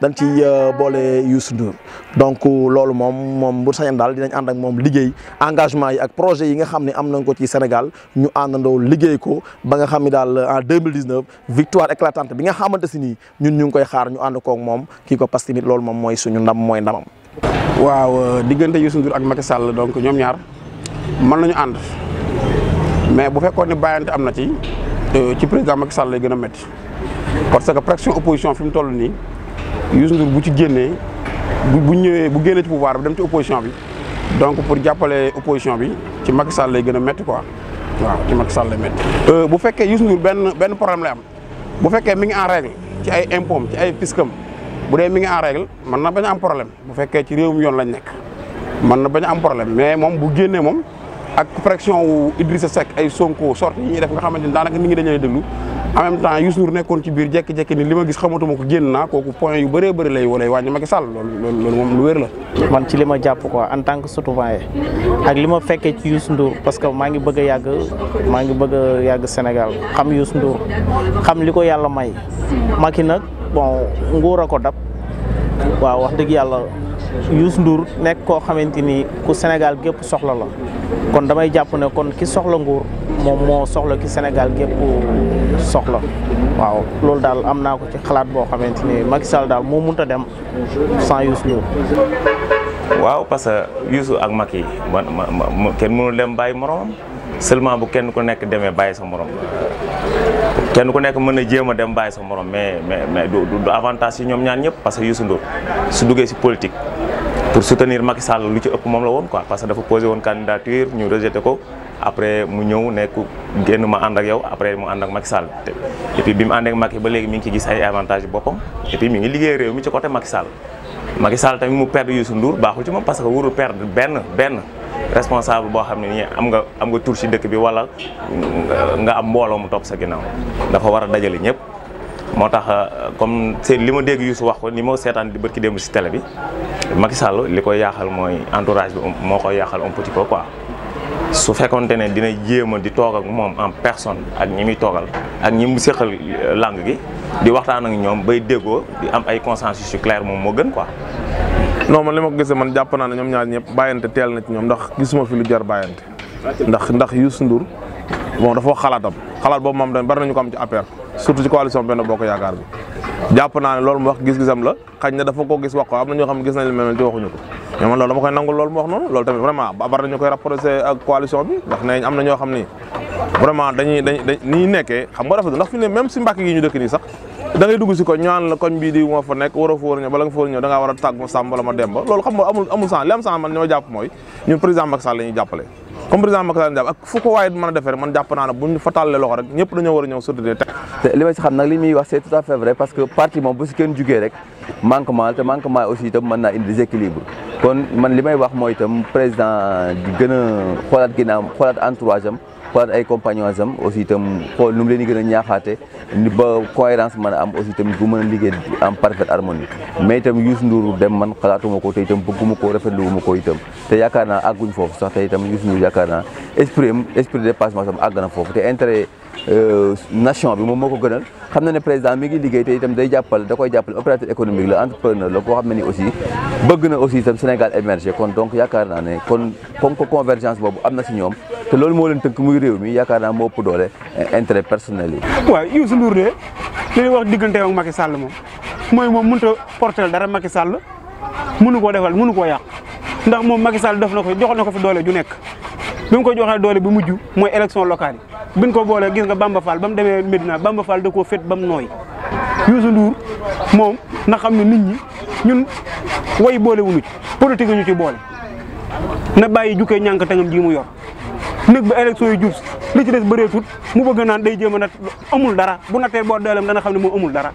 dañ ci euh, boole Youssou Ndour donc loolu moom moom bu sañan daal dinañ ànd ak moom liggéey engagement yi ak projet yi nga xam ne am nañ ko ci Sénégal ñu àndandoo liggéey ko ba nga xam ni daal euh, en 2019 victoire éclatante bi nga xamante si nii ñun ñu ngi koy xaar ñu ànd koog moom ki ko parce que tamit loolu moom mooy suñu ndam mooy ndamam. waaw euh, diggante Youssou Ndour ak Macky Sall donc ñoom ñaar mën nañu ànd mais bu fekkoon ne bàyyante am na ci ci président Macky Sall lay gën a métti parce que pression opposition fi mu toll nii. Youssou Ndour bu ci génnee bu ñëwé bu génnee ci pouvoir bi dem ci opposition bi donc pour jappalé opposition bi ci Macky Sall lay gëna metti quoi waaw ci Macky Sall lay metti euh bu féké Youssou Ndour benn ben problème lay am bu féké mi ngi en règle ci ay impôts ci ay fiscam bu dé mi ngi en règle man na bañ am problème bu féké ci réewum yoon lañ nekk man na bañ am problème mais mom bu génnee mom ak pression wu Idrissa Seck ay Sonko sorti yi ñuy def nga xamanteni ni daanaka nit ñi dañ lay déglu. en même temps Youssou nekkon ci bir jek jek ni lima gis xamatu mako genn na koku point yu beure beure lay walay wàññi Macky Sall loolu loolu mom lu wér la man ci lima japp jàpp quoi en tant que soutien ak lima ma ci Youssou Ndour parce que maa ngi bëgg a yàgg ngi bëgg Sénégal xam Youssou Ndour xam liko yalla may maki nak bon nguur ko dab waaw wax deug yalla Youssou nduur nekk koo xamante ni ku Sénégal gépp soxla la kon damay jàpp ne kon ki soxla nguur moom moo soxla ki Sénégal gépp soxla waaw loolu daal am naa ko ci xalaat boo xamante ni Macky Sall daal moo mënut a dem sans Youssou Ndour. waaw parce que Youssou ak Macky man kenn mënul dem bàyyi moromam. seulement bu kenn ku nek demee baye sa morom kenn ku nek mën a dem baye sa morom mais mais mais du du avantage si ñoom ñaan ñëpp parce que Youssou Ndour su duggé ci politique pour soutenir Macky Sall lu ci ëpp mom la won quoi parce que dafa poser won candidature ñu rejeté ko après mu ñëw nek génn ma ànd ak yow après mu and ak Macky Sall et puis bimu and ak Macky ba légui mi ngi ci gis ay avantage bopam et puis mi ngi liggéey réew mi ci côté Macky Sall Macky Sall tamit mu perdre Youssou Ndour baxul ci mom parce que wuro perdre ben ben responsable boo xam ne nii am nga am nga tur ci dëkk bi walla nga am mbooloo mu topp sa ginnaaw dafa war a dajale ñëpp moo tax comme seen li ma dégg su wax ko ni ma seetaan di bërki démb si tele bi Macky Sall li koy yaaxal mooy entourage bi moo ko yaaxal un petit ko quoi su fekkonte ne dina jéem a di toogal moom en personne ak ñi muy toogal ak ñi mu séqal euh, langue gi di waxtaan ak ñoom bay déggoo di am ay consensus yu clair moom moo gën quoi no man li ma ko gisee man jàpp naa ne ñoom ñaar ñëpp bàyyante teel na ci ñoom ndax gisuma fi lu jar bàyyante ndax ndax Youssou Ndour bon dafa xalaatam xalaat boobu moom tamit bari nañu ko am ci surtout ci coalition bi loolu mu wax gis-gisam la xañ na dafa ko am na ñoo xam ne gis nañ li mel ko mais man loolu dama koy nangul loolu mu wax noonu loolu tamit ndax neñ am na ñoo xam ni vraiment dañuy dañ dañ ni ñuy nekkee xam nga rafetlu ndax fi ne même si mbàkk gi ñu dëkk nii sax da dugg si ko ñaan la koñ bii di moo fa nekk war a fa war a ñëw bala nga fa war a ñëw da ngaa war a tàgg ma sàmm wala ma demba loolu xam nga amul amul sens li am sens man li ma jàpp mooy ñun président Macky Sall la ñuy jàppale comme président a defee man jàpp naa ne buñ fa tàllee a ñëw sotidee te li ma si parce que parti moom bu si kenn jugee rek manquement te manquement aussi itam mën naa déséquilibre kon man li may wax mooy tam président di gën a xoolaat ginnaaw xoolaat entourage am par ay compagnons am aussi itam xool nu mu leen di gën a ñaaxaate ba cohérence mën a am aussi itam bu mën a liggéey en parfaite harmonie mais itam Youssou Ndour dem man xalaatuma ko te itam bëgguma ko rafetluwuma ko itam te yaakaar naa àgguñ foofu sax te itam Youssou Ndour esprit esprit de dépassement sam na foofu te intérêt euh, nation bi moom moo ko gënal xam na ne président mi ngi liggéey te itam day jàppal da koy jàppale opérateur économique la entrepreneur la koo xam ne ni aussi bëgg na aussi itam Sénégal émerger kon donc yaakaar naa ne kon comme que convergence boobu am na si ñoom te loolu moo leen tënk muy réew mi yaakaar naa moo ëpp doole intérêt personnel yi. waaw Youssou Ndour de li ñuy wax diggante ak Macky Sall moom mooy moom mënut a dara Macky Sall mënu koo defal mënu koo yàq ndax moom Macky Sall def na ko joxoon na ko fi doole ju nekk. bi mu ko joxee doole bu mujj mooy élection locale yi bi ñu ko boolee gis nga Bamba Fall ba mu demee Medina Bamba Fall da koo fet ba mu nooy Youssou moom na xam ne nit ñi ñun way boole wuñu ci politique ñu ci boole na bàyyi jukkee ñànk tangam ji mu yor nag ba élection yi li ci des bëreetut mu bëgg naan day jéem a nat amul dara bu nattee boo dooleem dana xam ne moo amul dara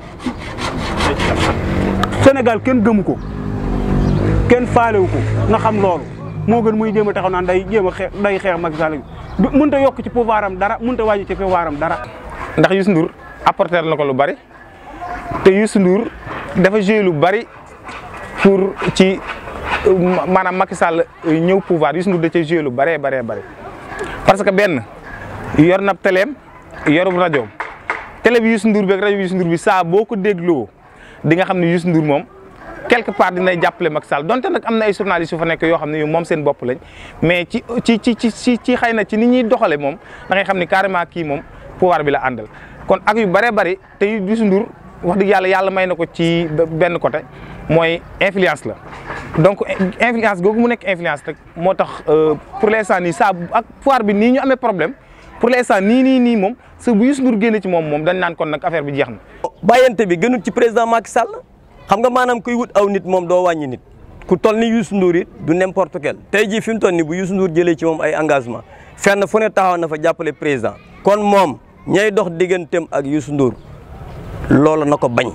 Sénégal kenn gëmu ko kenn faalewu ko nga xam loolu moo gën muy jéem a taxaw naan day jéem a xeex day xeex Macky Sall bi a yokk ci pouvoir am dara mun ta wàññi ci pouvoir dara. ndax Youssou Ndour apporter na ko lu bari te Youssou Ndour dafa joué lu bari pour ci euh, maanaam Macky Sall euh, ñëw pouvoir Youssou Ndour da cee joué lu baree baree bari parce que benn yor na teleem yorub rajoom télé bi Youssou Ndour bi ak bi saa boo ko dégloo di nga xam ne Youssou Ndour moom. quelque part dinay jàppale Macky Sall donte nag am na ay journalistes yu fa nekk yoo xam ne yu moom seen bopp lañ mais ci ci ci ci ni ñuy doxale moom da ngay xam bi la àndal kon ak yu bëree bëri te yu Youssou wax dëgg yàlla yàlla may na ko ci benn côté mooy influence la donc influence googu mu nekk influence rek moo tax euh, pour l'instant nii saa ak pouvoir bi nii ñu amee problème pour l'instant ni nii nii moom sa bu Youssou Ndour génne ci moom moom dañ naan kon nag affaire bi jeex na. bàyyante bi gënul ci président Macky Sall. xam nga manam kuy wut aw nit mom do wañi nit ku ni Youssou Ndour du n'importe quel tay ji fim mu ni bu yus Ndour jele ci mom ay engagement fenn fune taxaw na fa jàppale président kon mom ñay dox digëntem ak yus Ndour loolu nako bañ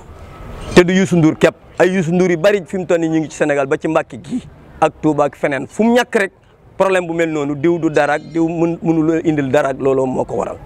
te du yus Ndour kep ay yus Ndour yi bari fim mu ni ñu ngi ci Sénégal ba ci Mbàkke gi ak Touba ak fenen fum ñak rek problème bu mel nonu diw du dara ak diw indil dara ak waral